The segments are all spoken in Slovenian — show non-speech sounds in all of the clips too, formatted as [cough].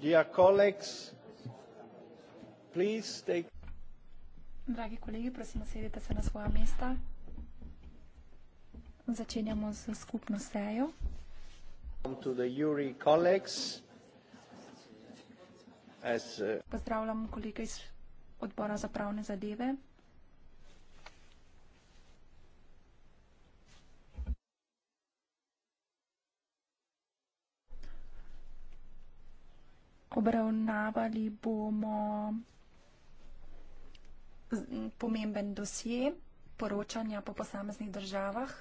Dragi kolegi, prosim, sedite se na svoja mesta. Začenjamo z skupno sejo. Uh, Pozdravljam kolege iz odbora za pravne zadeve. obravnavali bomo pomemben dosje poročanja po posameznih državah.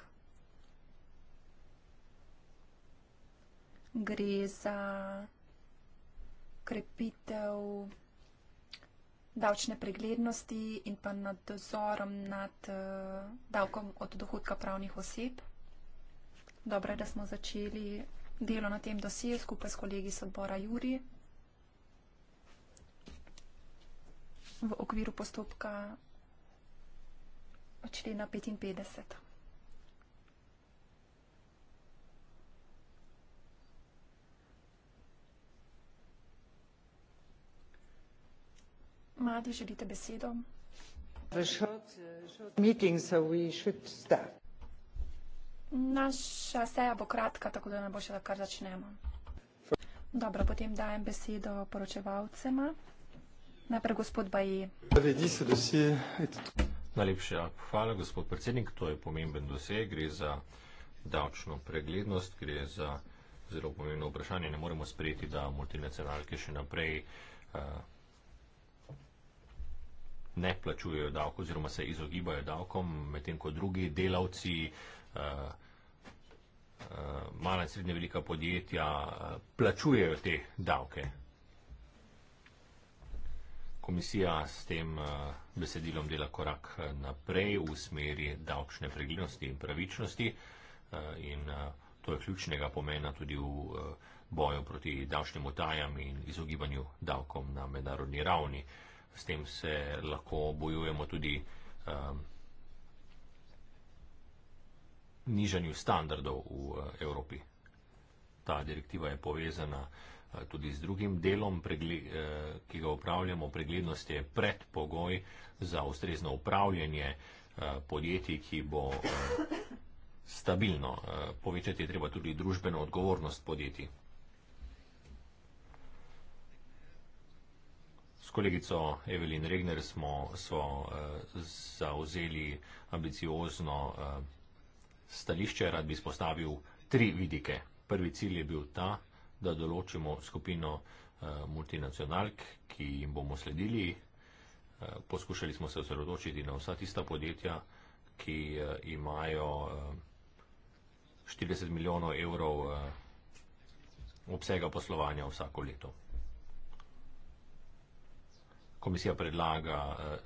Gre za krepitev davčne preglednosti in pa nad dozorom nad eh, davkom od dohodka pravnih oseb. Dobro, da smo začeli delo na tem dosiju skupaj s kolegi iz odbora Juri. v okviru postopka člena 55. Mladi, želite besedo? Uh, Naša seja bo kratka, tako da ne bo še, da kar začnemo. Dobro, potem dajem besedo poročevalcema. Najprej gospod Baji. Najlepša hvala, gospod predsednik. To je pomemben dosej. Gre za davčno preglednost, gre za zelo pomembno vprašanje. Ne moremo sprejeti, da multinacionalke še naprej uh, ne plačujejo davko oziroma se izogibajo davkom, medtem ko drugi delavci, uh, uh, mala in srednje velika podjetja, uh, plačujejo te davke. Komisija s tem eh, besedilom dela korak eh, naprej v smeri davčne preglednosti in pravičnosti eh, in to je ključnega pomena tudi v boju proti davčnim utajam in izogibanju davkom na mednarodni ravni. S tem se lahko bojujemo tudi nižanju standardov v Evropi. Ta direktiva je povezana uh, Eh, tudi z drugim delom, eh, ki ga upravljamo. Preglednost je predpogoj za ustrezno upravljanje eh, podjetij, ki bo stabilno. Povečati je treba tudi družbeno odgovornost podjetij. S kolegico Evelin Regner smo so, zauzeli ambiciozno stališče. Rad bi spostavil tri vidike. Prvi cilj je bil ta, da določimo skupino eh, multinacionalk, ki jim bomo sledili. Eh, poskušali smo se osredotočiti na vsa tista podjetja, ki eh, imajo 40 milijonov evrov obsega poslovanja vsako leto. Komisija predlaga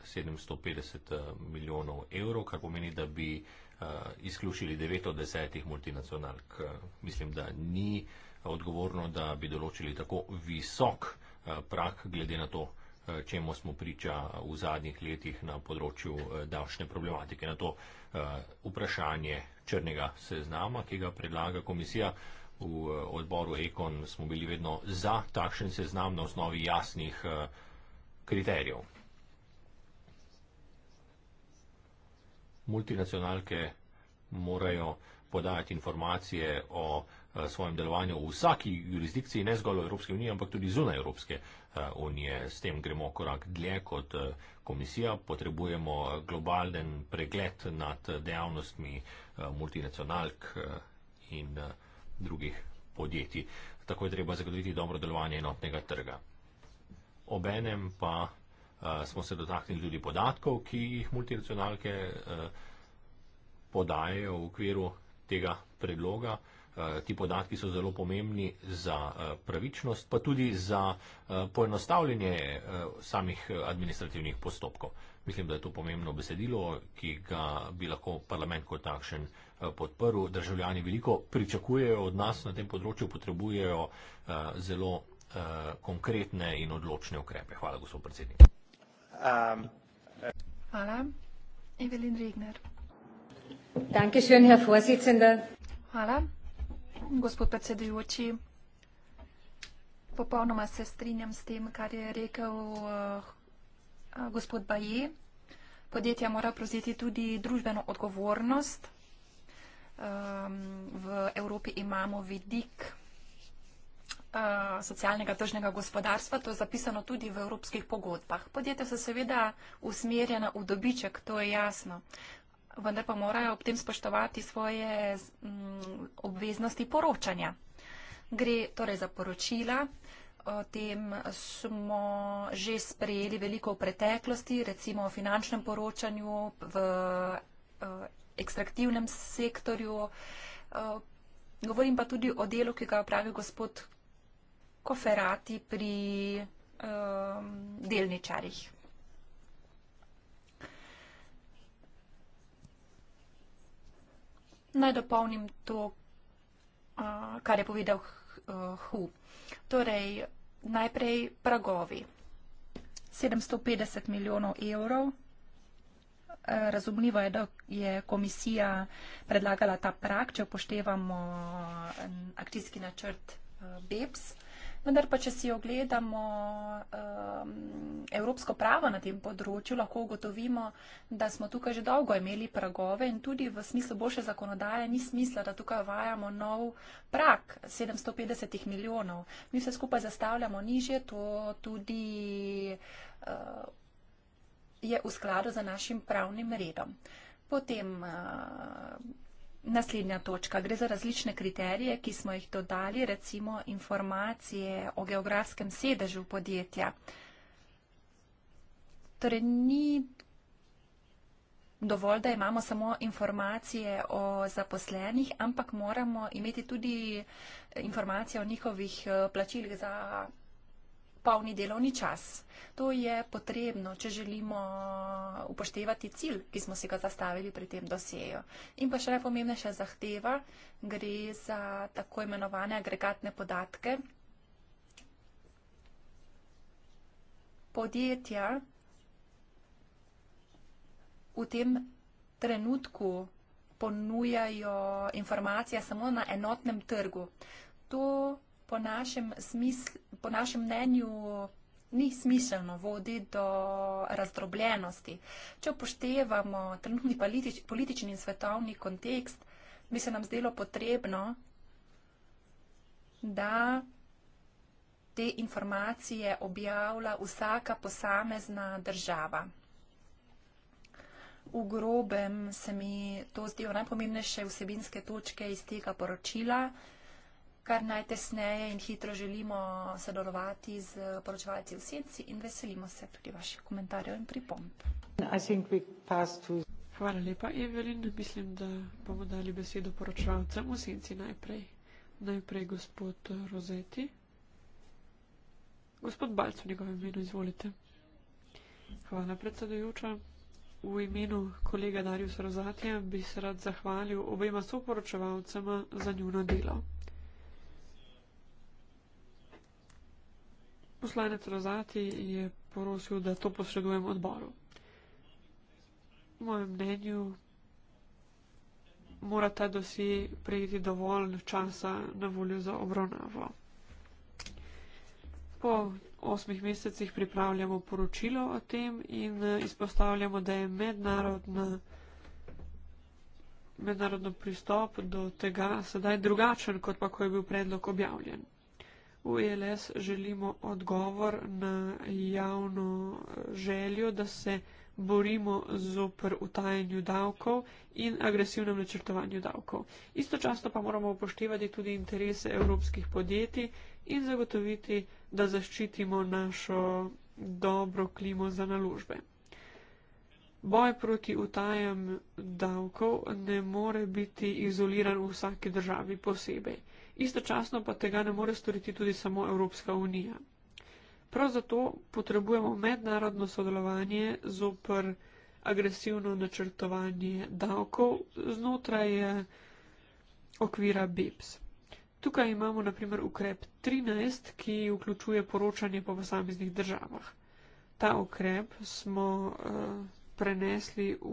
750 milijonov evrov, kar pomeni, da bi izključili 9 od 10 multinacionalk. Mislim, da ni odgovorno, da bi določili tako visok eh, prak, glede na to, eh, čemu smo priča eh, v zadnjih letih na področju davčne problematike. Na to vprašanje črnega seznama, ki ga predlaga komisija v odboru Ekon, smo bili vedno za takšen seznam na osnovi jasnih kriterijev. Multinacionalke morajo podajati informacije o Eh, svojem delovanju v vsaki jurisdikciji, ne zgolj v Evropske unije, ampak tudi zunaj Evropske eh, unije. S tem gremo korak dlje kot eh, komisija, potrebujemo globalen pregled nad dejavnostmi multinacionalk in drugih podjetij. Tako je treba zagotoviti dobro delovanje enotnega trga. Obenem pa smo se dotaknili tudi podatkov, ki jih multinacionalke podajajo v okviru tega predloga. Eh, ti podatki so zelo pomembni za eh, pravičnost, pa tudi za eh, poenostavljanje samih administrativnih postopkov. Mislim, da je to pomembno besedilo, ki ga bi lahko parlament kot takšen podprl. Državljani veliko pričakujejo od nas na tem področju, potrebujejo zelo konkretne in odločne ukrepe. Hvala, gospod predsednik. Um, eh. Hvala. Evelin Regner. Dankeschön, Herr Vorsitzender. Hvala gospod predsedujoči. Popolnoma se strinjam s tem, kar je rekel uh, gospod Baje. Podjetja mora prevzeti tudi družbeno odgovornost. Um, v Evropi imamo vidik uh, socialnega tržnega gospodarstva, to je zapisano tudi v evropskih pogodbah. Podjetja so seveda usmerjena v dobiček, to je jasno vendar pa morajo ob tem spoštovati svoje mm, obveznosti poročanja. Gre torej za poročila. O tem smo že sprejeli veliko v preteklosti, recimo o finančnem poročanju v ekstraktivnem sektorju. Govorim pa tudi o delu, ki ga pravi gospod Koferati pri delničarjih. Naj dopolnim to, kar je povedal e, Hu. Torej, najprej pragovi. 750 milijonov evrov. E, razumljivo je, da je komisija predlagala ta prak, če upoštevamo akcijski načrt e, BEPS. Vendar pa, če si ogledamo um, evropsko pravo na tem področju, lahko ugotovimo, da smo tukaj že dolgo imeli pragove in tudi v smislu boljše zakonodaje ni smisla, da tukaj vajamo nov prak 750 milijonov. Mi vse skupaj zastavljamo nižje, to tudi uh, je v skladu z našim pravnim redom. Potem. Uh, Naslednja točka. Gre za različne kriterije, ki smo jih dodali, recimo informacije o geografskem sedežu podjetja. Torej, ni dovolj, da imamo samo informacije o zaposlenih, ampak moramo imeti tudi informacije o njihovih eh, plačilih za polni delovni čas. To je potrebno, če želimo upoštevati cilj, ki smo si ga zastavili pri tem dosjeju. In pa še najpomembnejša zahteva gre za tako imenovane agregatne podatke. Podjetja v tem trenutku ponujajo informacije samo na enotnem trgu. To po našem, smisl, po našem mnenju ni smiselno vodi do razdrobljenosti. Če upoštevamo trenutni politič, politični in svetovni kontekst, bi se nam zdelo potrebno, da te informacije objavlja vsaka posamezna država. V grobem se mi to zdijo najpomembnejše vsebinske točke iz tega poročila kar najtesneje in hitro želimo sodelovati z poročevalci v senci in veselimo se tudi vaših komentarjev in pripomb. Hvala lepa, Evelin. Mislim, da bomo dali besedo poročevalcem v senci najprej. Najprej gospod Rozeti. Gospod Balc v njegovem imenu, izvolite. Hvala, predsedujoča. V imenu kolega Darju Srozatja bi se rad zahvalil obema soporočevalcema za njuno delo. Poslanec Razati je porosil, da to posredujem odboru. V mojem mnenju mora ta dosi prejeti dovolj časa na voljo za obravnavo. Po osmih mesecih pripravljamo poročilo o tem in eh, izpostavljamo, da je mednarodna, mednarodno pristop do tega sedaj drugačen, kot pa ko je bil predlog objavljen. V e LS želimo odgovor na javno eh, željo, da se borimo zoper utajanju davkov in agresivnem načrtovanju davkov. Istočasno pa moramo upoštevati tudi interese evropskih podjetij in zagotoviti, da zaščitimo našo dobro klimo za naložbe. Boj proti utajam davkov ne more biti izoliran v vsaki državi posebej istočasno pa tega ne more storiti tudi samo Evropska unija. Prav zato potrebujemo mednarodno sodelovanje zopr agresivno načrtovanje davkov znotraj eh, okvira BEPS. Tukaj imamo naprimer ukrep 13, ki vključuje poročanje po posameznih državah. Ta ukrep smo uh, prenesli v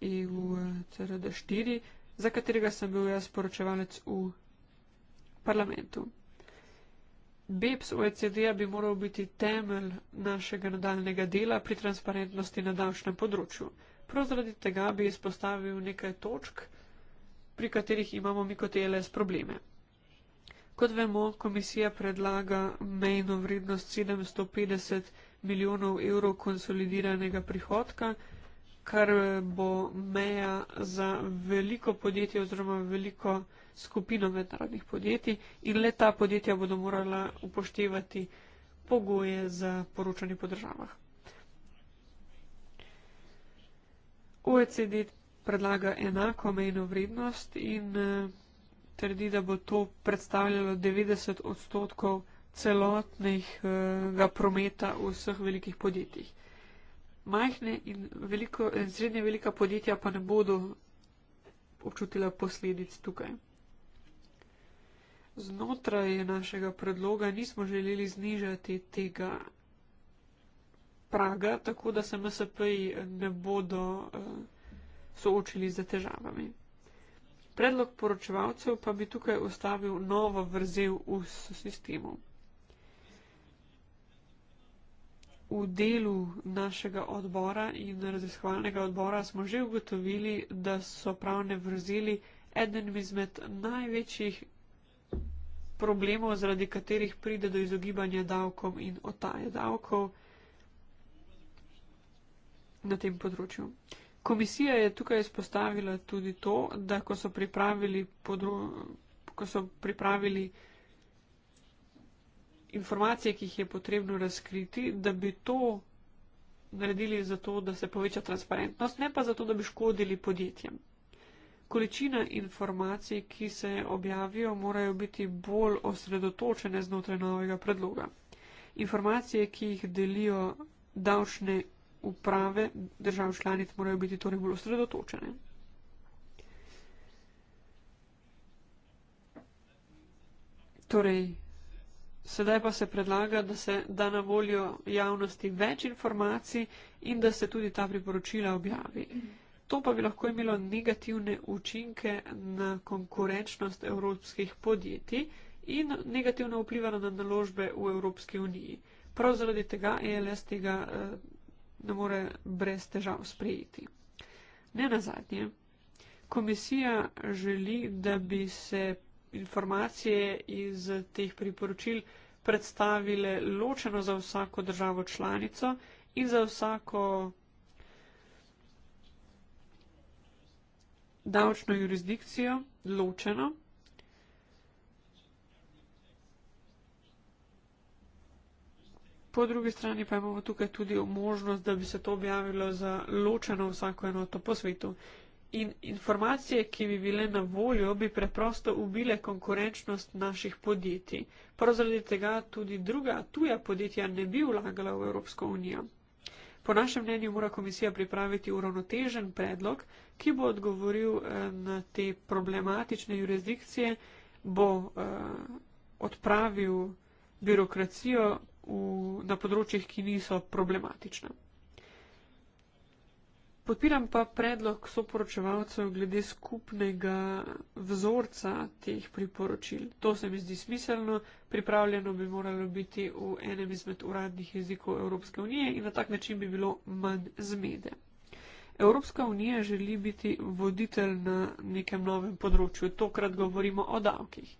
EU eh, CRD 4, za katerega sem bil jaz poročevalec v parlamentu. BEPS OECD-a bi moral biti temelj našega nadaljnega dela pri transparentnosti na davčnem področju. Prav zaradi tega bi izpostavil nekaj točk, pri katerih imamo mi kot ELS probleme. Kot vemo, komisija predlaga mejno vrednost 750 milijonov evrov konsolidiranega prihodka, kar bo meja za veliko podjetje oziroma veliko skupino mednarodnih podjetij in le ta podjetja bodo morala upoštevati pogoje za poročanje po državah. OECD predlaga enako mejno vrednost in eh, trdi, da bo to predstavljalo 90 odstotkov celotnega eh, prometa v vseh velikih podjetjih majhne in veliko, srednje velika podjetja pa ne bodo občutila posledic tukaj. Znotraj našega predloga nismo želeli znižati tega praga, tako da se MSP-ji ne bodo uh, soočili z težavami. Predlog poročevalcev pa bi tukaj ustavil novo vrzel v sistemu. V delu našega odbora in raziskovalnega odbora smo že ugotovili, da so pravne vrzeli eden izmed največjih problemov, zaradi katerih pride do izogibanja davkom in otaje davkov na tem področju. Komisija je tukaj izpostavila tudi to, da ko so pripravili, podro... ko so pripravili informacije, ki jih je potrebno razkriti, da bi to naredili zato, da se poveča transparentnost, ne pa zato, da bi škodili podjetjem. Količina informacij, ki se objavijo, morajo biti bolj osredotočene znotraj novega predloga. Informacije, ki jih delijo davčne uprave držav članic, morajo biti torej bolj osredotočene. Torej, Sedaj pa se predlaga, da se da na voljo javnosti več informacij in da se tudi ta priporočila objavi. To pa bi lahko imelo negativne učinke na konkurenčnost evropskih podjetij in negativno vplivalo na naložbe v Evropski uniji. Prav zaradi tega ELS tega eh, ne more brez težav sprejeti. Ne nazadnje, komisija želi, da bi se informacije iz teh priporočil predstavile ločeno za vsako državo članico in za vsako davčno jurisdikcijo ločeno. Po drugi strani pa imamo tukaj tudi možnost, da bi se to objavilo za ločeno vsako enoto po svetu. In informacije, ki bi bile na voljo, bi preprosto ubile konkurenčnost naših podjetij. Prav zaradi tega tudi druga tuja podjetja ne bi vlagala v Evropsko unijo. Po našem mnenju mora komisija pripraviti uravnotežen predlog, ki bo odgovoril eh, na te problematične jurisdikcije, bo eh, odpravil birokracijo v, na področjih, ki niso problematična. Podpiram pa predlog soporočevalcev glede skupnega vzorca teh priporočil. To se mi zdi smiselno, pripravljeno bi moralo biti v enem izmed uradnih jezikov Evropske unije in na tak način bi bilo manj zmede. Evropska unija želi biti voditelj na nekem novem področju, tokrat govorimo o davkih.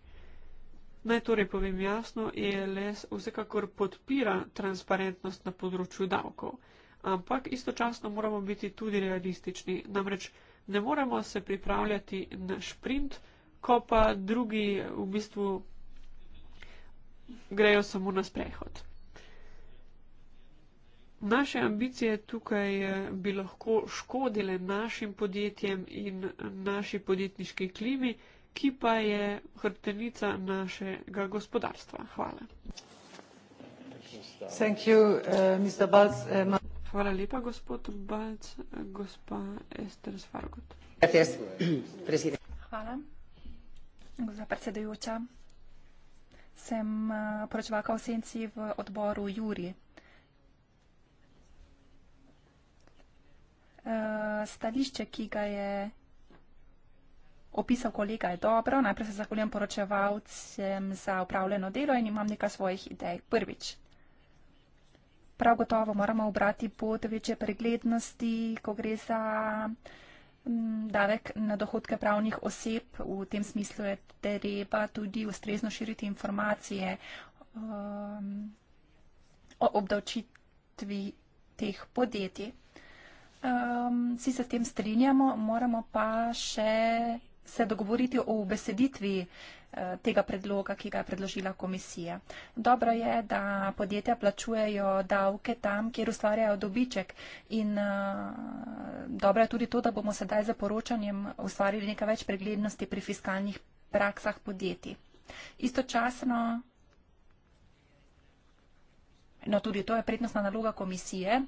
Naj torej povem jasno, ELS vsekakor podpira transparentnost na področju davkov ampak istočasno moramo biti tudi realistični. Namreč ne moremo se pripravljati na šprint, ko pa drugi v bistvu grejo samo na sprehod. Naše ambicije tukaj eh, bi lahko škodile našim podjetjem in naši podjetniški klimi, ki pa je hrbtenica našega gospodarstva. Hvala. Thank you, uh, eh, Mr. Balz. Uh, eh, Hvala lepa, gospod Balc. Gospa Ester Svargot. Hvala. Gospa predsedujoča, sem eh, poročevalka v senci v odboru Juri. Eh, stališče, ki ga je opisal kolega, je dobro. Najprej se zahvaljujem poročevalcem za upravljeno delo in imam nekaj svojih idej. Prvič prav gotovo moramo obrati pot večje preglednosti, ko gre za mm, davek na dohodke pravnih oseb. V tem smislu je treba tudi ustrezno širiti informacije um, o obdavčitvi teh podjetij. Um, vsi se s tem strinjamo, moramo pa še se dogovoriti o beseditvi eh, tega predloga, ki ga je predložila komisija. Dobro je, da podjetja plačujejo davke tam, kjer ustvarjajo dobiček in eh, dobro je tudi to, da bomo sedaj za poročanjem ustvarili nekaj več preglednosti pri fiskalnih praksah podjetij. Istočasno, no tudi to je prednostna naloga komisije,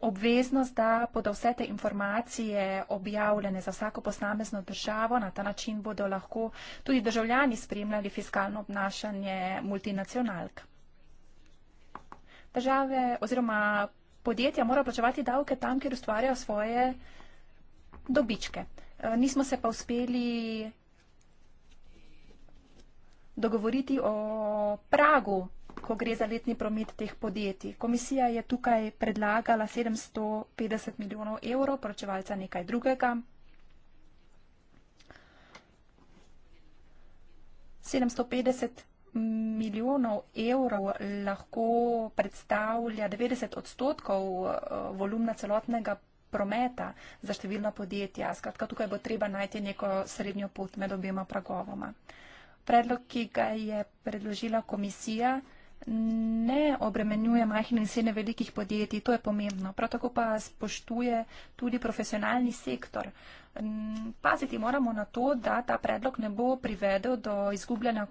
obveznost, da bodo vse te informacije objavljene za vsako posamezno državo. Na ta način bodo lahko tudi državljani spremljali fiskalno obnašanje multinacionalk. Države oziroma podjetja morajo plačevati davke tam, kjer ustvarjajo svoje dobičke. E, nismo se pa uspeli dogovoriti o pragu ko gre za letni promet teh podjetij. Komisija je tukaj predlagala 750 milijonov evrov, poročevalca nekaj drugega. 750 milijonov evrov lahko predstavlja 90 odstotkov eh, volumna celotnega prometa za številna podjetja. Skratka, tukaj bo treba najti neko srednjo pot med obima pragovoma. Predlog, ki ga je predložila komisija, ne obremenjuje majhnih in srednje velikih podjetij, to je pomembno. Prav tako pa spoštuje tudi profesionalni sektor. Mm, paziti moramo na to, da ta predlog ne bo privedel do izgubljanja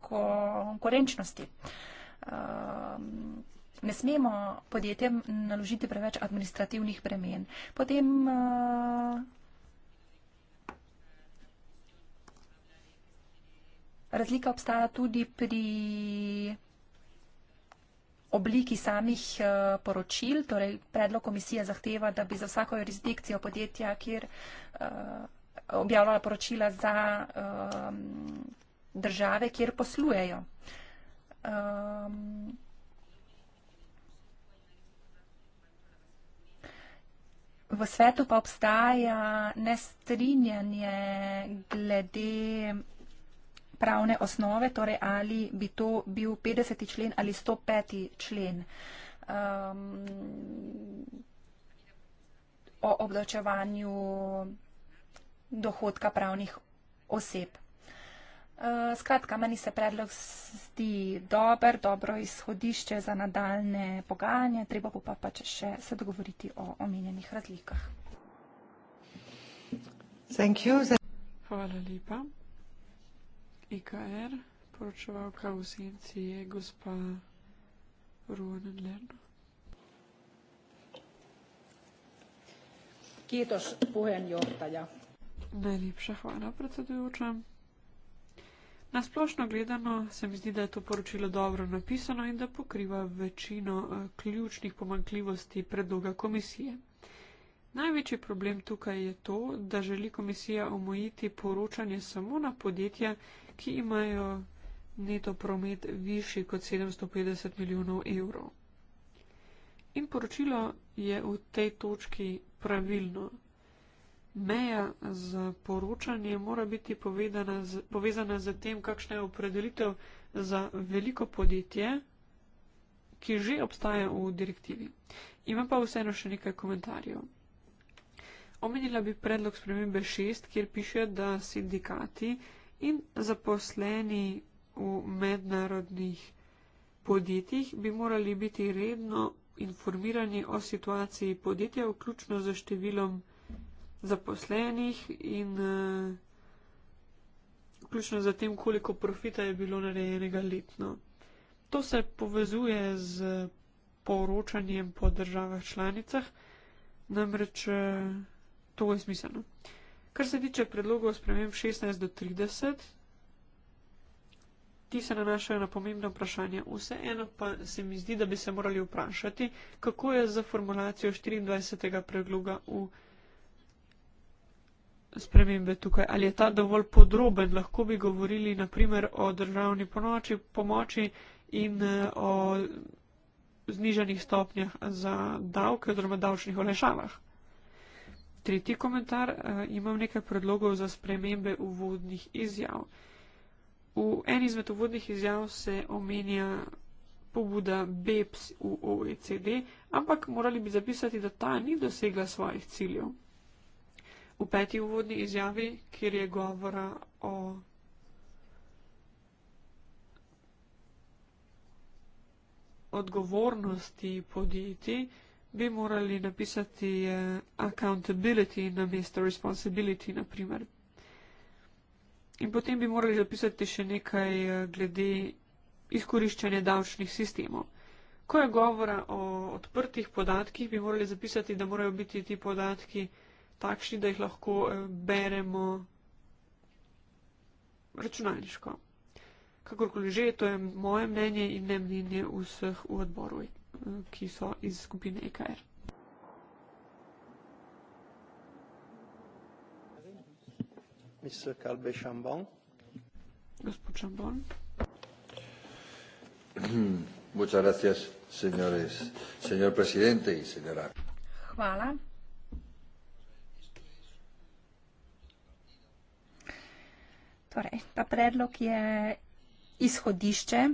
konkurenčnosti. Ehm, ne smemo podjetjem naložiti preveč administrativnih bremen. Potem eh, Razlika obstaja tudi pri obliki samih eh, poročil, torej predlog komisije zahteva, da bi za vsako jurisdikcijo podjetja, kjer eh, objavljala poročila za ehm, države, kjer poslujejo. Ehm, v svetu pa obstaja nestrinjanje glede pravne osnove, torej ali bi to bil 50. člen ali 105. člen um, o obdočevanju dohodka pravnih oseb. Uh, skratka, meni se predlog zdi dober, dobro izhodišče za nadaljne pogajanja, treba bo pa pač še se dogovoriti o omenjenih razlikah. Hvala lepa. IKR, poročevalka v senci je gospa Ruan Lerno. Kiitos puheenjohtaja. Najlepša hvala, predsedujoča. Na splošno gledano se mi zdi, da je to poročilo dobro napisano in da pokriva večino eh, ključnih pomankljivosti predloga komisije. Največji problem tukaj je to, da želi komisija omojiti poročanje samo na podjetja, ki imajo neto promet višji kot 750 milijonov evrov. In poročilo je v tej točki pravilno. Meja za poročanje mora biti z, povezana z tem, kakšna je opredelitev za veliko podjetje, ki že obstaja v direktivi. Imam pa vseeno še nekaj komentarjev. Omenila bi predlog spremembe 6, kjer piše, da sindikati in zaposleni v mednarodnih podjetjih bi morali biti redno informirani o situaciji podjetja, vključno z številom zaposlenih in uh, vključno z tem, koliko profita je bilo narejenega letno. To se povezuje z poročanjem po državah članicah, namreč uh, to je smiselno. Uh, Kar se tiče predlogov sprememb 16 do 30, ti se nanašajo na pomembno vprašanje. Vseeno pa se mi zdi, da bi se morali vprašati, kako je za formulacijo 24. predloga v spremembe tukaj. Ali je ta dovolj podroben? Lahko bi govorili naprimer o državni ponoči, pomoči in eh, o znižanih stopnjah za davke oziroma davčnih olešavah. Tretji komentar. Uh, imam nekaj predlogov za spremembe uvodnih izjav. V eni izmed uvodnih izjav se omenja pobuda BEPS v OECD, ampak morali bi zapisati, da ta ni dosegla svojih ciljev. V peti uvodni izjavi, kjer je govora o. odgovornosti podjetij bi morali napisati eh, accountability na mesto responsibility, naprimer. In potem bi morali zapisati še nekaj eh, glede izkoriščanja davčnih sistemov. Ko je govora o odprtih podatkih, bi morali zapisati, da morajo biti ti podatki takšni, da jih lahko eh, beremo računalniško. Kakorkoli že, to je moje mnenje in ne mnenje vseh v odboru etnika ki so iz skupine EKR. Gospod Šambon. [clears throat] Hvala. Torej, ta predlog je izhodišče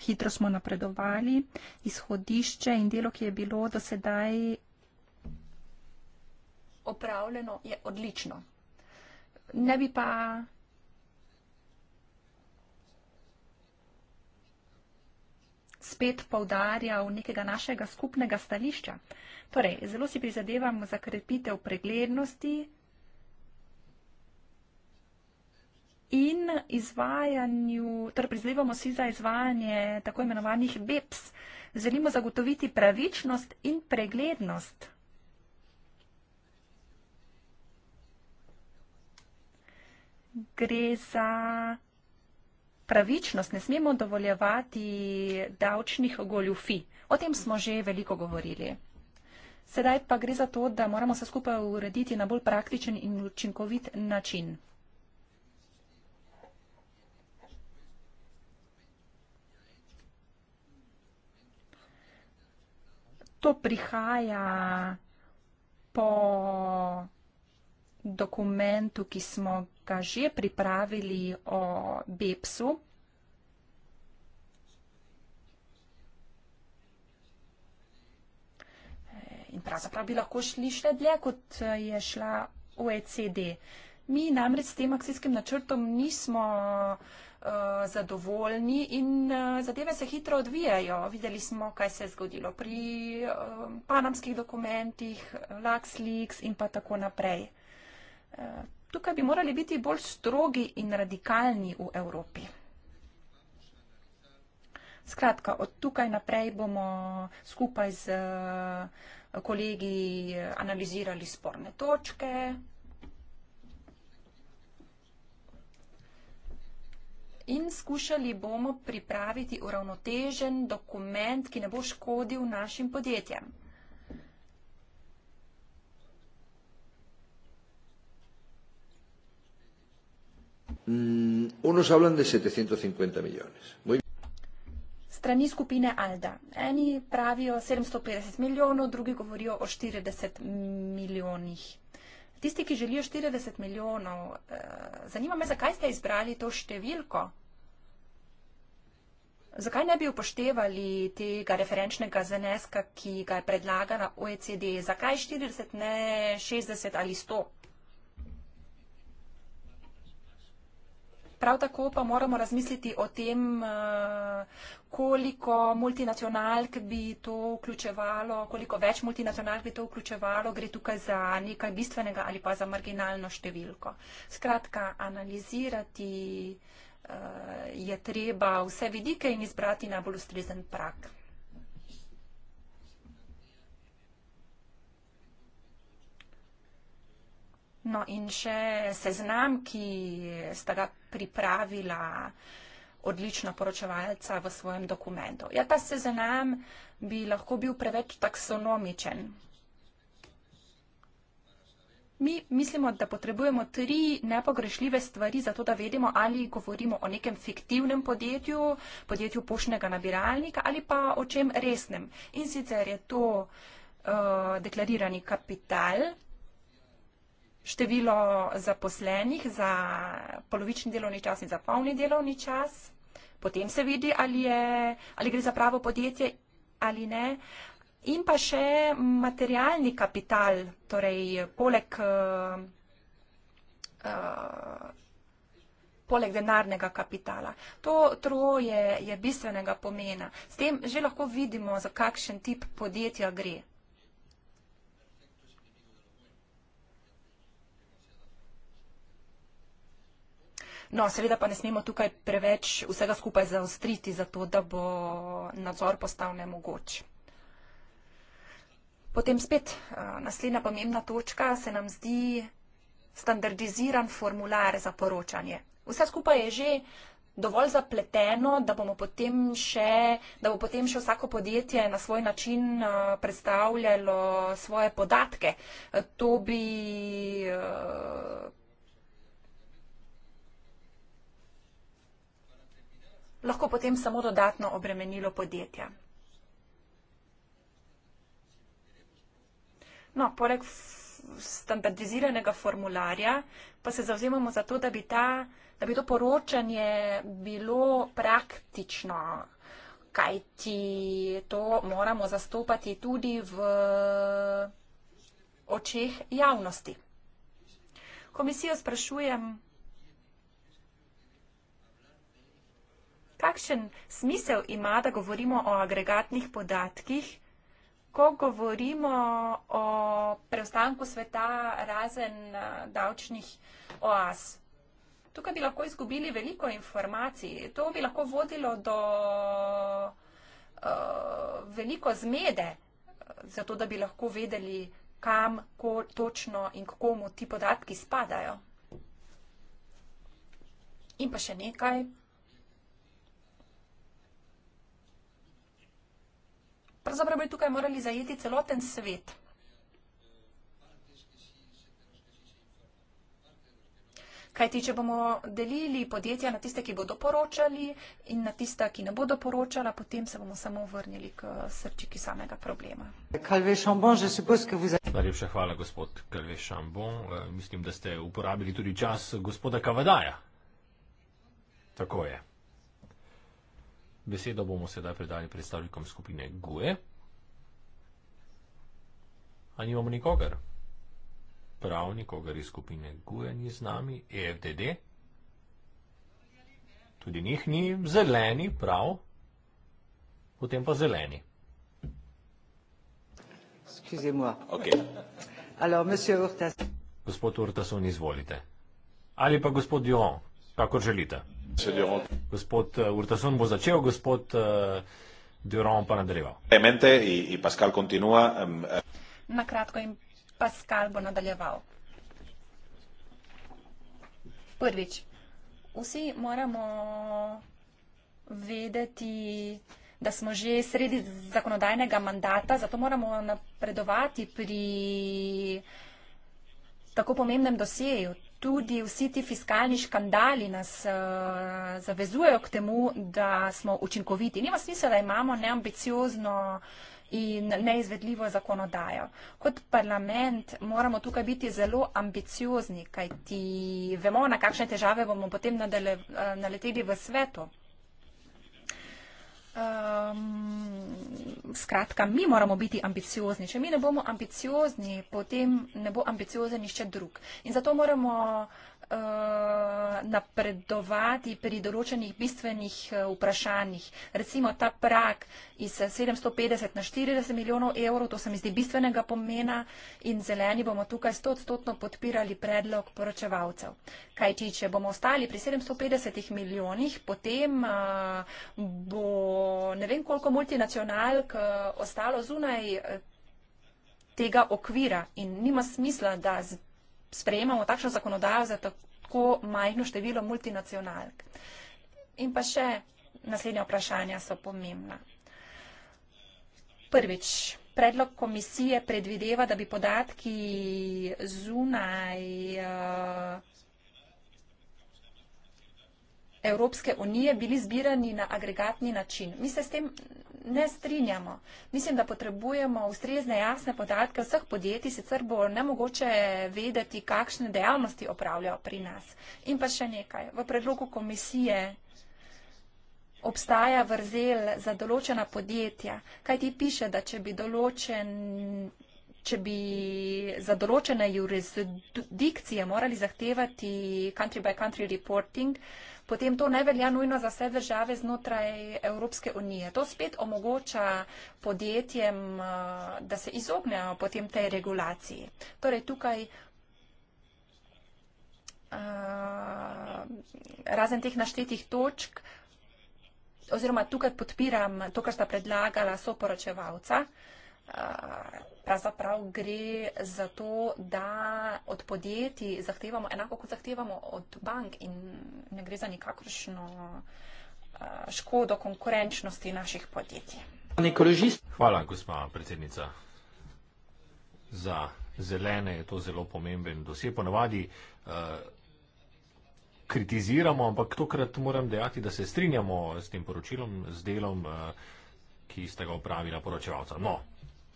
hitro smo napredovali, izhodišče in delo, ki je bilo do sedaj opravljeno, je odlično. Ne bi pa. spet povdarja v nekega našega skupnega stališča. Torej, zelo si prizadevam za krepitev preglednosti, in izvajanju, torej prizlevamo si za izvajanje tako imenovanih BEPS. Želimo zagotoviti pravičnost in preglednost. Gre za pravičnost, ne smemo dovoljevati davčnih goljufi. O tem smo že veliko govorili. Sedaj pa gre za to, da moramo se skupaj urediti na bolj praktičen in učinkovit način. to prihaja po dokumentu, ki smo ga že pripravili o BEPS-u. In pravzaprav bi lahko šli še dlje, kot eh, je šla OECD. Mi namreč s tem akcijskim načrtom nismo uh, Eh, zadovoljni in eh, zadeve se hitro odvijajo. Videli smo, kaj se je zgodilo pri eh, panamskih dokumentih, LuxLeaks in pa tako naprej. Tukaj bi morali biti bolj strogi in radikalni v Evropi. Skratka, od tukaj naprej bomo skupaj z kolegi analizirali sporne točke, in skušali bomo pripraviti uravnotežen dokument, ki ne bo škodil našim podjetjem. Mm, unos hablan de 750 millones. Muy... Strani skupine Alda. Eni pravijo 750 milijonov, drugi govorijo o 40 milijonih. Tisti, ki želijo 40 milijonov, eh, zanima me, zakaj ste izbrali to številko? Zakaj ne bi upoštevali tega referenčnega zaneska, ki ga je predlagala OECD? Zakaj 40, ne 60 ali 100? Prav tako pa moramo razmisliti o tem, eh, koliko multinacionalk bi to vključevalo, koliko več multinacionalk bi to vključevalo, gre tukaj za nekaj bistvenega ali pa za marginalno številko. Skratka, analizirati Eh, je treba vse vidike in izbrati najbolj ustrezen prak. No, in še seznam, ki sta ga pripravila odlična poročevalca v svojem dokumentu. Ja, ta seznam bi lahko bil preveč taksonomičen. Mi mislimo, da potrebujemo tri nepogrešljive stvari za to, da vedemo, ali govorimo o nekem fiktivnem podjetju, podjetju poštnega nabiralnika ali pa o čem resnem. In sicer je to uh, deklarirani kapital, število zaposlenih za polovični delovni čas in za polni delovni čas, potem se vidi, ali, je, ali gre za pravo podjetje ali ne, In pa še materialni kapital, torej poleg, uh, uh, poleg denarnega kapitala. To troje je bistvenega pomena. S tem že lahko vidimo, za kakšen tip podjetja gre. No, seveda pa ne smemo tukaj preveč vsega skupaj zaostriti, zato da bo nadzor postal nemogoč. Potem spet eh, naslednja pomembna točka se nam zdi standardiziran formular za poročanje. Vse skupaj je že dovolj zapleteno, da, potem še, da bo potem še vsako podjetje na svoj način eh, predstavljalo svoje podatke. Eh, to bi. lahko potem samo dodatno obremenilo podjetja. No, poleg standardiziranega formularja pa se zauzemamo za to, da bi, ta, da bi to poročanje bilo praktično, kaj ti to moramo zastopati tudi v očeh javnosti. Komisijo sprašujem, kakšen smisel ima, da govorimo o agregatnih podatkih, ko govorimo o preostanku sveta razen eh, davčnih oaz. Tukaj bi lahko izgubili veliko informacij. To bi lahko vodilo do uh, veliko zmede, zato da bi lahko vedeli, kam ko, točno in komu ti podatki spadajo. In pa še nekaj. pravzaprav bi tukaj morali zajeti celoten svet. Kajti, če bomo delili podjetja na tiste, ki bodo poročali in na tiste, ki ne bodo poročala, potem se bomo samo vrnili k srčiki samega problema. Najlepša hvala, gospod Kalve Šambon. Eh, mislim, da ste uporabili tudi čas gospoda Kavadaja. Tako je. Besedo bomo sedaj predali predstavnikom skupine GUE. A nimamo nikogar? Prav nikogar iz skupine GUE ni z nami, EFDD. Tudi njih ni, zeleni, prav, potem pa zeleni. Gospod Urtason, izvolite. Ali pa gospod Dion, kakor želite. Gospod eh, Urtason bo začel, gospod eh, Duron pa nadaljeval. Eh. Na kratko in Pascal bo nadaljeval. Prvič, vsi moramo vedeti, da smo že sredi zakonodajnega mandata, zato moramo napredovati pri tako pomembnem dosjeju, tudi vsi ti fiskalni škandali nas uh, zavezujejo k temu, da smo učinkoviti. Nima smisla, da imamo neambiciozno in neizvedljivo zakonodajo. Kot parlament moramo tukaj biti zelo ambiciozni, kajti vemo, na kakšne težave bomo potem nadale, uh, naleteli v svetu. Um, skratka, mi moramo biti ambiciozni. Če mi ne bomo ambiciozni, potem ne bo ambiciozen nišče drug. In zato moramo Eh, napredovati pri določenih bistvenih eh, vprašanjih. Recimo ta prak iz 750 eh, na 40 milijonov evrov, to se mi zdi bistvenega pomena in zeleni bomo tukaj 100-stotno podpirali predlog poročevalcev. Kaj ti, če bomo ostali pri 750 milijonih, potem bo ne vem koliko multinacionalk ostalo zunaj tega okvira in nima smisla, da z sprejemamo takšno zakonodajo za tako majhno število multinacionalk. In pa še naslednja vprašanja so pomembna. Prvič, predlog komisije predvideva, da bi podatki zunaj eh, Evropske unije bili zbirani na agregatni način. Mi se s tem ne strinjamo. Mislim, da potrebujemo ustrezne jasne podatke vseh podjetij, sicer bo nemogoče vedeti, kakšne dejavnosti opravljajo pri nas. In pa še nekaj. V predlogu komisije obstaja vrzel za določena podjetja, kaj ti piše, da če bi določen če bi za določene jurisdikcije morali zahtevati country by country reporting, potem to ne velja nujno za vse države znotraj Evropske unije. To spet omogoča podjetjem, eh, da se izognejo potem tej regulaciji. Torej tukaj eh, razen teh naštetih točk, oziroma tukaj podpiram to, kar sta predlagala soporočevalca, pravzaprav gre za to, da od podjetij zahtevamo enako, kot zahtevamo od bank in ne gre za nikakršno eh, škodo konkurenčnosti naših podjetij. Hvala, gospa predsednica. Za zelene je to zelo pomemben dosje. Ponavadi uh, kritiziramo, ampak tokrat moram dejati, da se strinjamo s tem poročilom, z delom, uh, ki ste ga upravila poročevalca. No,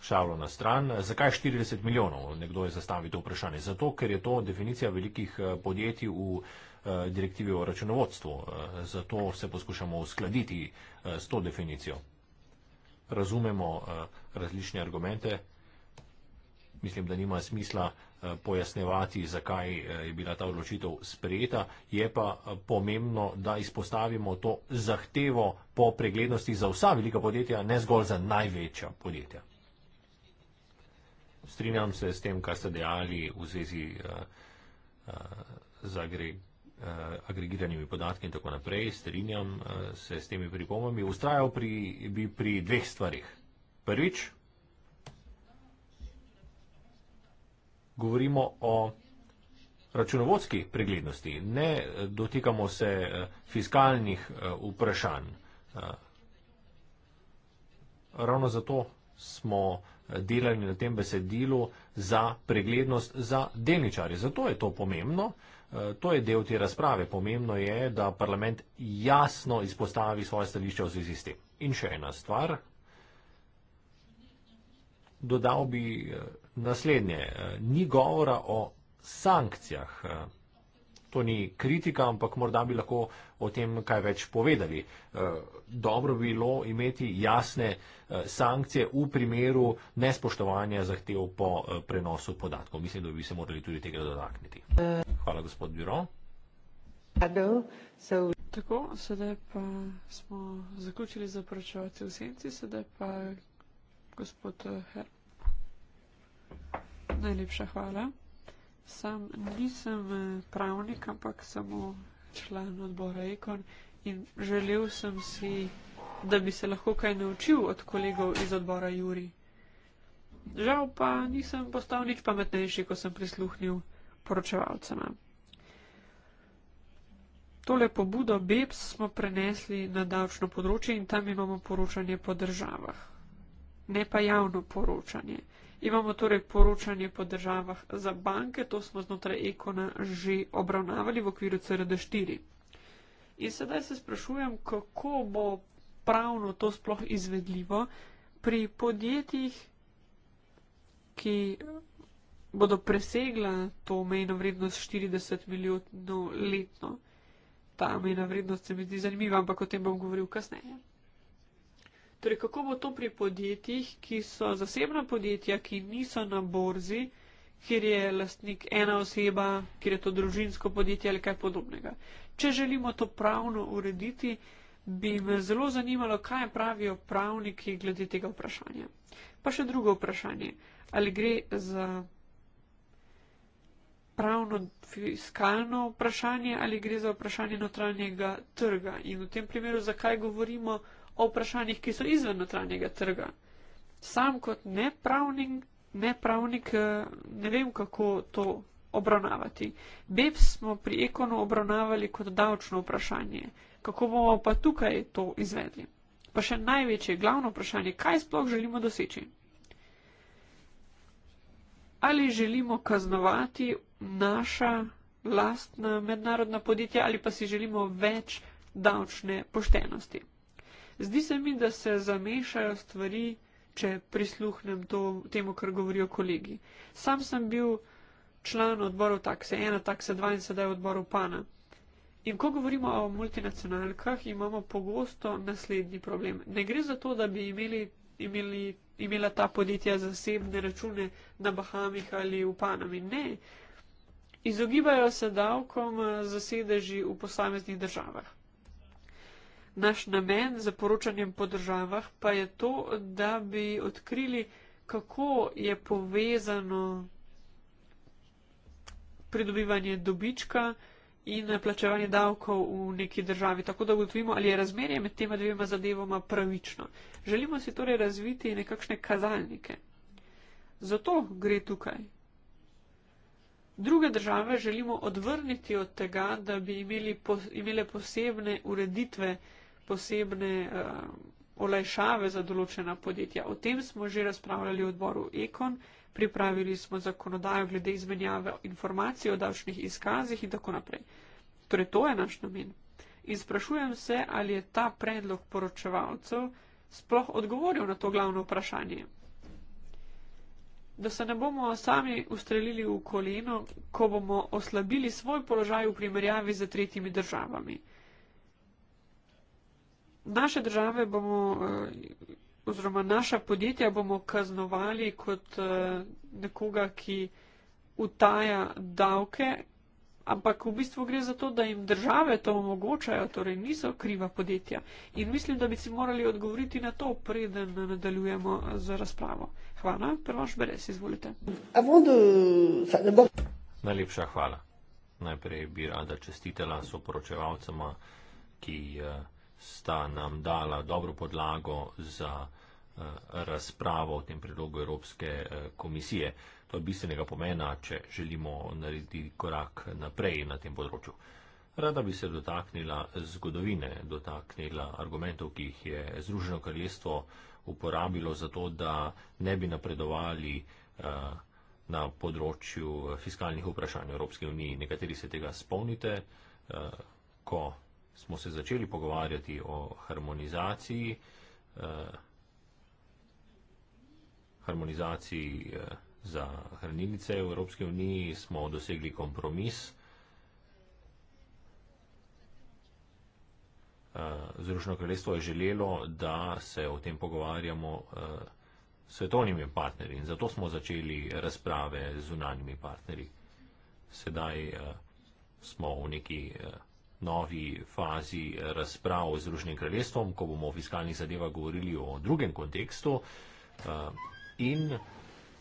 šalo na stran. Zakaj 40 milijonov? Nekdo je zastavil to vprašanje. Zato, ker je to definicija velikih eh, podjetij v eh, direktivi o računovodstvu. Eh, zato se poskušamo uskladiti s to definicijo. Razumemo različne argumente. Mislim, da nima smisla pojasnevati, zakaj je bila ta odločitev sprejeta. Je pa pomembno, da izpostavimo to zahtevo po preglednosti za vsa velika podjetja, ne zgolj za največja podjetja strinjam se s tem, kar ste dejali v zvezi eh, eh, z eh, agregiranimi podatki in tako naprej. Strinjam se s temi pripomami. Ustrajal pri, bi pri dveh stvarih. Prvič, govorimo o računovodski preglednosti. Ne dotikamo se fiskalnih vprašanj. Ravno zato smo delali na tem besedilu za preglednost za delničarje. Zato je to pomembno. Eh, to je del te razprave. Pomembno je, da parlament jasno izpostavi svoje stališče v zvezi s tem. In še ena stvar. Dodal bi eh, naslednje. Eh, ni govora o sankcijah to ni kritika, ampak morda bi lahko o tem kaj več povedali. Eh, dobro bi bilo imeti jasne eh, sankcije v primeru nespoštovanja zahtev po eh, prenosu podatkov. Mislim, da bi se morali tudi tega dotakniti. Hvala, gospod Biro. Tako, sedaj pa smo zaključili zapračevati v senci, sedaj pa gospod Her. Najlepša hvala. Sam nisem eh, pravnik, ampak samo član odbora Ekon in želel sem si, da bi se lahko kaj naučil od kolegov iz odbora Juri. Žal pa nisem postal nič pametnejši, ko sem prisluhnil poročevalcema. Tole pobudo BEPS smo prenesli na davčno področje in tam imamo poročanje po državah. Ne pa javno poročanje. Imamo torej poročanje po državah za banke, to smo znotraj ekona že obravnavali v okviru CRD4. In sedaj se sprašujem, kako bo pravno to sploh izvedljivo pri podjetjih, ki bodo presegla to mejno vrednost 40 milijonov letno. Ta mejna vrednost se mi zdi zanimiva, ampak o tem bom govoril kasneje. Torej, kako bo to pri podjetjih, ki so zasebna podjetja, ki niso na borzi, kjer je lastnik ena oseba, kjer je to družinsko podjetje ali kaj podobnega. Če želimo to pravno urediti, bi me zelo zanimalo, kaj pravijo pravniki glede tega vprašanja. Pa še drugo vprašanje. Ali gre za pravno fiskalno vprašanje ali gre za vprašanje notranjega trga in v tem primeru, zakaj govorimo o vprašanjih, ki so izven notranjega trga. Sam kot nepravnik, nepravnik eh, ne vem, kako to obravnavati. BEPS smo pri ekonu obravnavali kot davčno vprašanje. Kako bomo pa tukaj to izvedli? Pa še največje, glavno vprašanje, kaj sploh želimo doseči? Ali želimo kaznovati naša lastna mednarodna podjetja ali pa si želimo več davčne poštenosti? Zdi se mi, da se zamešajo stvari, če prisluhnem to, temu, kar govorijo kolegi. Sam sem bil član odborov takse, ena takse, dva in sedaj odboru pana. In ko govorimo o multinacionalkah, imamo pogosto naslednji problem. Ne gre za to, da bi imeli, imeli, imela ta podjetja zasebne račune na Bahamih ali v Panami. Ne. Izogibajo se davkom eh, za sedeži v posameznih državah. Naš namen za poročanjem po državah pa je to, da bi odkrili, kako je povezano pridobivanje dobička in plačevanje davkov v neki državi, tako da ugotovimo, ali je razmerje med tema dvema zadevoma pravično. Želimo si torej razviti nekakšne kazalnike. Zato gre tukaj. Druge države želimo odvrniti od tega, da bi imeli pos imele posebne ureditve, posebne uh, olajšave za določena podjetja. O tem smo že razpravljali v odboru Ekon, pripravili smo zakonodajo glede izmenjave informacij o davčnih izkazih in tako naprej. Torej, to je naš namen. In sprašujem se, ali je ta predlog poročevalcev sploh odgovoril na to glavno vprašanje. Da se ne bomo sami ustrelili v koleno, ko bomo oslabili svoj položaj v primerjavi z tretjimi državami naše države bomo, eh, oziroma naša podjetja bomo kaznovali kot eh, nekoga, ki utaja davke, ampak v bistvu gre za to, da jim države to omogočajo, torej niso kriva podjetja. In mislim, da bi si morali odgovoriti na to, preden nadaljujemo z razpravo. Hvala, prvo šberes, izvolite. Najlepša hvala. Najprej bi rada čestitela soporočevalcema, ki. Uh, sta nam dala dobro podlago za eh, razpravo o tem predlogu Evropske eh, komisije. To je bistvenega pomena, če želimo narediti korak naprej na tem področju. Rada bi se dotaknila zgodovine, dotaknila argumentov, ki jih je Združeno kraljestvo uporabilo za to, da ne bi napredovali eh, na področju fiskalnih vprašanj Evropske unije. Nekateri se tega spomnite, ko smo se začeli pogovarjati o harmonizaciji, eh, harmonizaciji eh, za hranilnice v Evropski uniji, smo dosegli kompromis. Eh, Združeno kraljestvo je želelo, da se o tem pogovarjamo eh, s svetovnimi partnerji in zato smo začeli razprave z zunanjimi partnerji. Sedaj eh, smo v neki. Eh, novi fazi razprav z Združenim kraljestvom, ko bomo o fiskalnih zadevah govorili o drugem kontekstu. Eh, in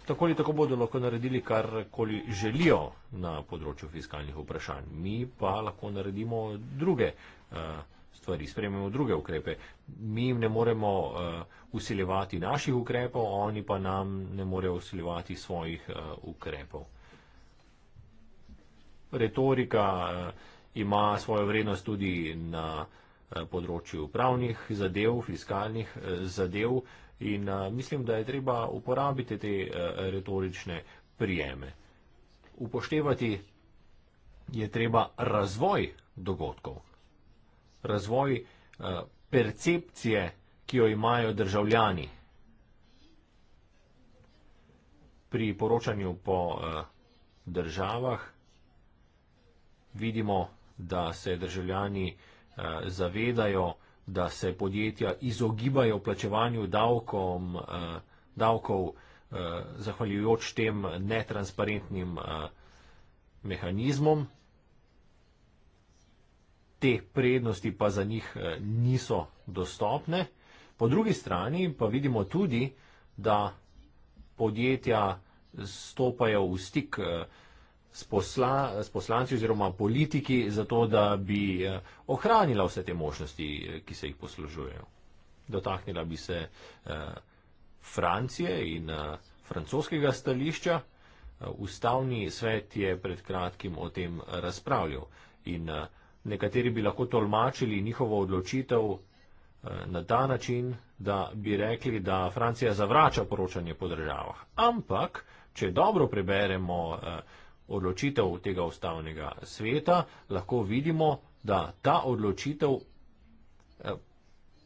tako ali tako bodo lahko naredili, kar koli želijo na področju fiskalnih vprašanj. Mi pa lahko naredimo druge eh, stvari, sprememo druge ukrepe. Mi jim ne moremo eh, usiljevati naših ukrepov, oni pa nam ne morejo usiljevati svojih ukrepov. Retorika uh, ima svojo vrednost tudi na eh, področju pravnih zadev, fiskalnih eh, zadev in eh, mislim, da je treba uporabiti te retorične prijeme. Upoštevati je treba razvoj dogodkov, razvoj percepcije, ki jo imajo državljani pri poročanju po državah. Vidimo, da se državljani eh, zavedajo, da se podjetja izogibajo plačevanju davkom, eh, davkov eh, zahvaljujoč tem netransparentnim mehanizmom. Te prednosti pa za njih niso dostopne. Po drugi strani pa vidimo tudi, da podjetja stopajo v stik s, posla, s poslanci oziroma politiki za to, da bi eh, ohranila vse te možnosti, eh, ki se jih poslužujejo. Dotaknila bi se eh, Francije in eh, francoskega stališča. Eh, ustavni svet je pred kratkim o tem razpravljal in eh, nekateri bi lahko tolmačili njihovo odločitev eh, na ta način, da bi rekli, da Francija zavrača poročanje po državah. Ampak, če dobro preberemo eh, odločitev tega ustavnega sveta, lahko vidimo, da ta odločitev eh,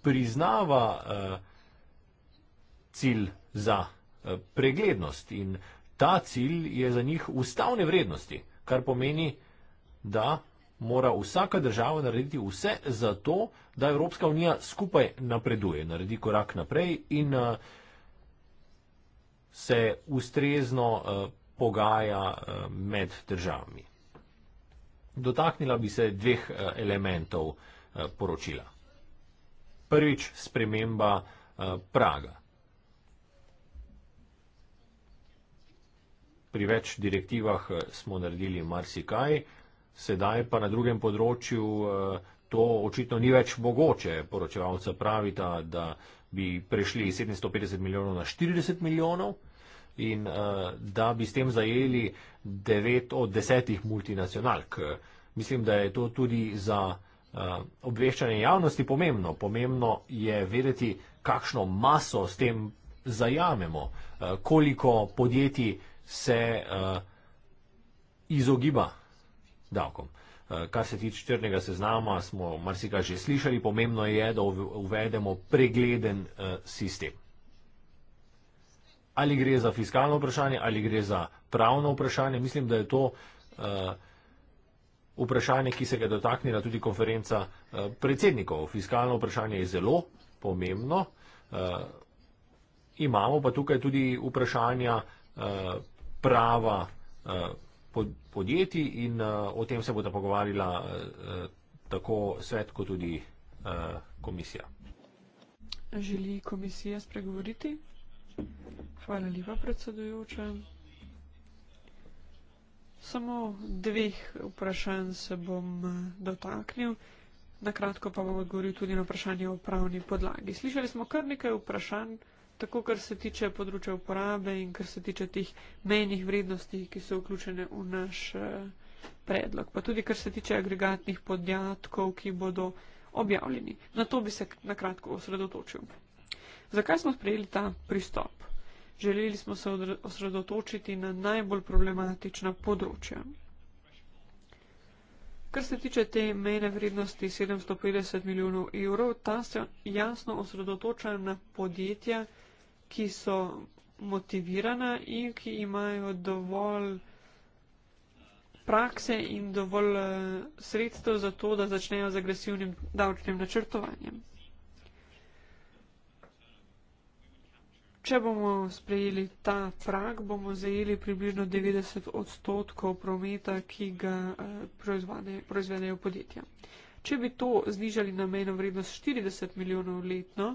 priznava eh, cilj za eh, preglednost in ta cilj je za njih ustavne vrednosti, kar pomeni, da mora vsaka država narediti vse za to, da Evropska unija skupaj napreduje, naredi korak naprej in se ustrezno pogaja eh, med državami. Dotaknila bi se dveh eh, elementov eh, poročila. Prvič, sprememba praga. Pri več direktivah smo naredili marsikaj, sedaj pa na drugem področju to očitno ni več mogoče. Poročevalca pravita, da bi prešli 750 milijonov na 40 milijonov in uh, da bi s tem zajeli devet od desetih multinacionalk. Mislim, da je to tudi za uh, obveščanje javnosti pomembno. Pomembno je vedeti, kakšno maso s tem zajamemo, uh, koliko podjetij se uh, izogiba davkom. Kar se tiče črnega seznama, smo marsikaj že slišali, pomembno je, da uvedemo pregleden sistem ali gre za fiskalno vprašanje, ali gre za pravno vprašanje. Mislim, da je to uh, vprašanje, ki se ga dotaknila tudi konferenca uh, predsednikov. Fiskalno vprašanje je zelo pomembno. Uh, imamo pa tukaj tudi vprašanja uh, prava uh, pod, podjetij in uh, o tem se bodo pogovarjala uh, tako svet, kot tudi uh, komisija. Želi komisija spregovoriti? Hvala lepa, predsedujoča. Samo dveh vprašanj se bom eh, dotaknil, nakratko pa bom odgovoril tudi na vprašanje o pravni podlagi. Slišali smo kar nekaj vprašanj, tako kar se tiče področja uporabe in kar se tiče tih menjih vrednosti, ki so vključene v naš eh, predlog, pa tudi kar se tiče agregatnih podjatkov, ki bodo objavljeni. Na to bi se nakratko osredotočil. Zakaj smo sprejeli ta pristop? Želeli smo se osredotočiti na najbolj problematična področja. Kar se tiče te mejne vrednosti 750 milijonov evrov, ta se jasno osredotoča na podjetja, ki so motivirana in ki imajo dovolj prakse in dovolj eh, sredstev za to, da začnejo z agresivnim davčnim načrtovanjem. Če bomo sprejeli ta prag, bomo zajeli približno 90 odstotkov prometa, ki ga eh, proizvedejo podjetja. Če bi to znižali na mejno vrednost 40 milijonov letno,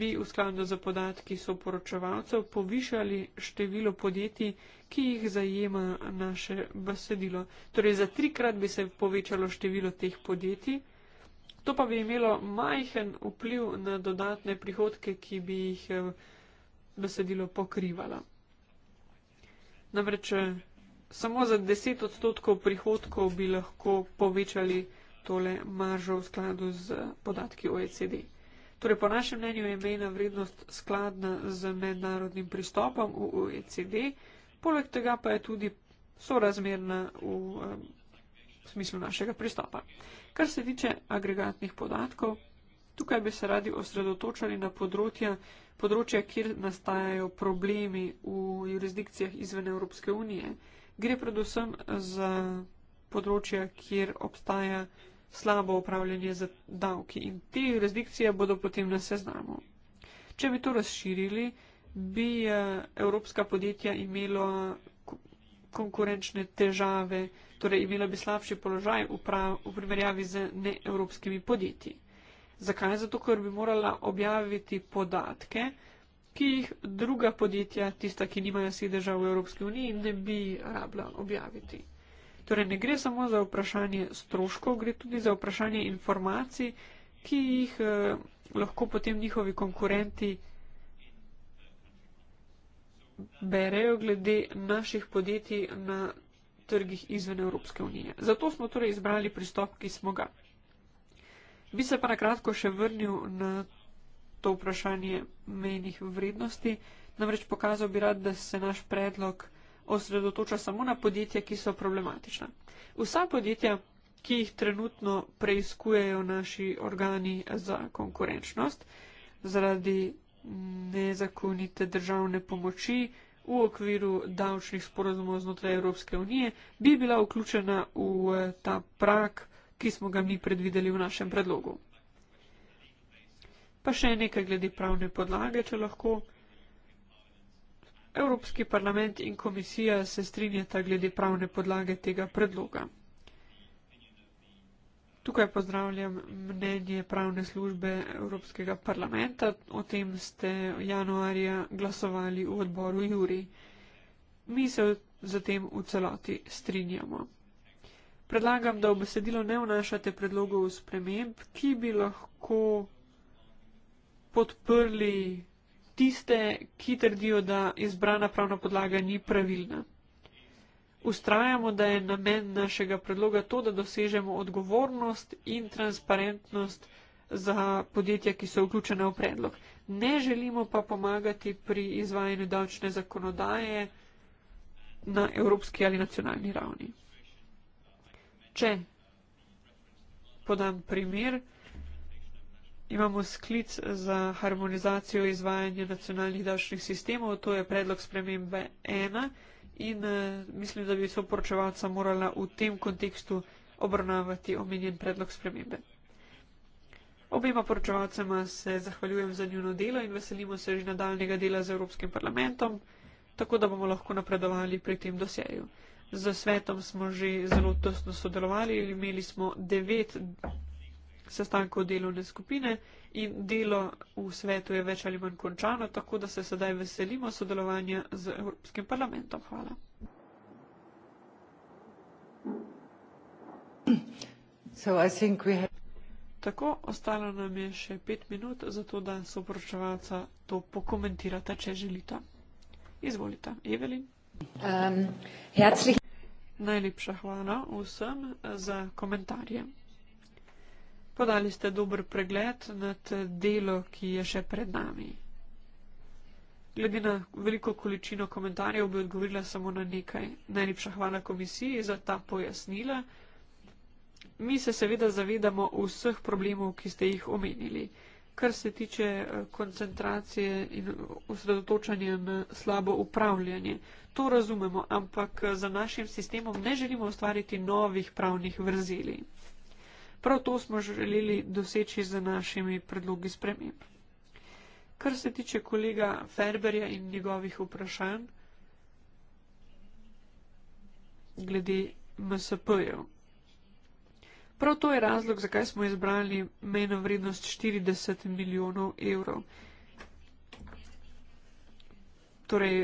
bi v skladu za podatki soporočevalcev povišali število podjetij, ki jih zajema naše besedilo. Torej za trikrat bi se povečalo število teh podjetij. To pa bi imelo majhen vpliv na dodatne prihodke, ki bi jih. Eh, besedilo pokrivala. Namreč eh, samo za 10 odstotkov prihodkov bi lahko povečali tole maržo v skladu z eh, podatki OECD. Torej, po našem mnenju je mejna vrednost skladna z mednarodnim pristopom v OECD, poleg tega pa je tudi sorazmerna v, v eh, smislu našega pristopa. Kar se tiče agregatnih podatkov, Tukaj bi se radi osredotočali na področja, področja kjer nastajajo problemi v jurisdikcijah izven Evropske unije. Gre predvsem za področja, kjer obstaja slabo upravljanje z davki in te jurisdikcije bodo potem na seznamu. Če bi to razširili, bi eh, evropska podjetja imela konkurenčne težave, torej imela bi slabši položaj v primerjavi z neevropskimi podjetji. Zakaj? Zato, ker bi morala objaviti podatke, ki jih druga podjetja, tista, ki nimajo sedeža v Evropski uniji, ne bi rabila objaviti. Torej, ne gre samo za vprašanje stroškov, gre tudi za vprašanje informacij, ki jih eh, lahko potem njihovi konkurenti berejo glede naših podjetij na trgih izven Evropske unije. Zato smo torej izbrali pristop, ki smo ga. Bi se pa na kratko še vrnil na to vprašanje menih vrednosti. Namreč pokazal bi rad, da se naš predlog osredotoča samo na podjetja, ki so problematična. Vsa podjetja, ki jih trenutno preizkujejo naši organi za konkurenčnost zaradi nezakonite državne pomoči v okviru davčnih sporozumov znotraj Evropske unije, bi bila vključena v eh, ta prak ki smo ga mi predvideli v našem predlogu. Pa še nekaj glede pravne podlage, če lahko. Evropski parlament in komisija se strinjata glede pravne podlage tega predloga. Tukaj pozdravljam mnenje pravne službe Evropskega parlamenta. O tem ste januarja glasovali v odboru Juri. Mi se zatem v celoti strinjamo. Predlagam, da v besedilo ne vnašate predlogov sprememb, ki bi lahko podprli tiste, ki trdijo, da izbrana pravna podlaga ni pravilna. Ustrajamo, da je namen našega predloga to, da dosežemo odgovornost in transparentnost za podjetja, ki so vključene v predlog. Ne želimo pa pomagati pri izvajanju davčne zakonodaje na evropski ali nacionalni ravni. Če podam primer, imamo sklic za harmonizacijo izvajanja nacionalnih davčnih sistemov, to je predlog spremembe ena in eh, mislim, da bi soporočevalca morala v tem kontekstu obravnavati omenjen predlog spremembe. Obema poročevalcema se zahvaljujem za njuno delo in veselimo se že nadaljnega dela z Evropskim parlamentom, tako da bomo lahko napredovali pri tem dosjeju. Z svetom smo že zelo tesno sodelovali, imeli smo devet sestankov delovne skupine in delo v svetu je več ali manj končano, tako da se sedaj veselimo sodelovanja z Evropskim parlamentom. Hvala. So, have... Tako, ostalo nam je še pet minut, zato da soporočevalca to pokomentirate, če želite. Izvolite, Evelin. Um, herzlich... Najlepša hvala vsem za komentarje. Podali ste dober pregled nad delo, ki je še pred nami. Glede na veliko količino komentarjev bi odgovorila samo na nekaj. Najlepša hvala komisiji za ta pojasnila. Mi se seveda zavedamo vseh problemov, ki ste jih omenili kar se tiče eh, koncentracije in osredotočanja na slabo upravljanje. To razumemo, ampak eh, za našim sistemom ne želimo ustvariti novih pravnih vrzeli. Prav to smo želeli doseči z našimi predlogi sprememb. Kar se tiče kolega Ferberja in njegovih vprašanj glede MSP-jev. Prav to je razlog, zakaj smo izbrali mejno vrednost 40 milijonov evrov. Torej,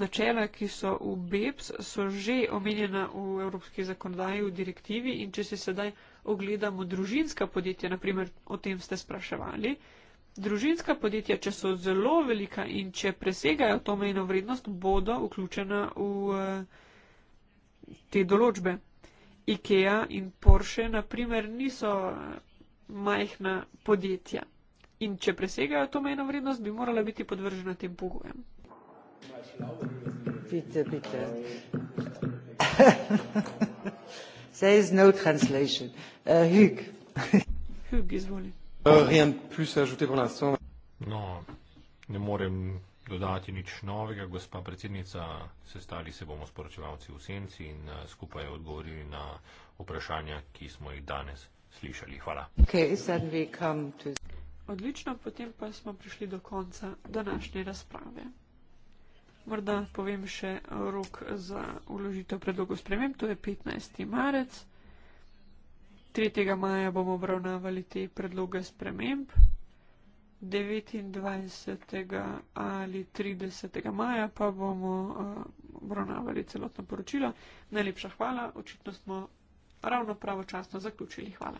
načela, ki so v BEPS, so že omenjena v evropski zakonodaji, v direktivi in če se sedaj ogledamo družinska podjetja, naprimer o tem ste spraševali, družinska podjetja, če so zelo velika in če presegajo to mejno vrednost, bodo vključena v te določbe. IKEA in Porsche na primer niso majhna podjetja. In če presegajo to mejno vrednost, bi morala biti podvržena tem pogojem. Pite, pite. [laughs] There is no translation. Uh, Hug. Hug, izvoli. Uh, rien plus ajouter pour l'instant. Non, ne morem dodati nič novega, gospa predsednica, sestali se bomo sporočevalci v senci in eh, skupaj odgovorili na vprašanja, ki smo jih danes slišali. Hvala. Okay, to... Odlično, potem pa smo prišli do konca današnje razprave. Morda povem še rok za uložitev predlogov sprememb, to je 15. marec. 3. maja bomo obravnavali te predloge sprememb. 29. ali 30. maja pa bomo uh, obravnavali celotno poročilo. Najlepša hvala, očitno smo ravno pravočasno zaključili. Hvala.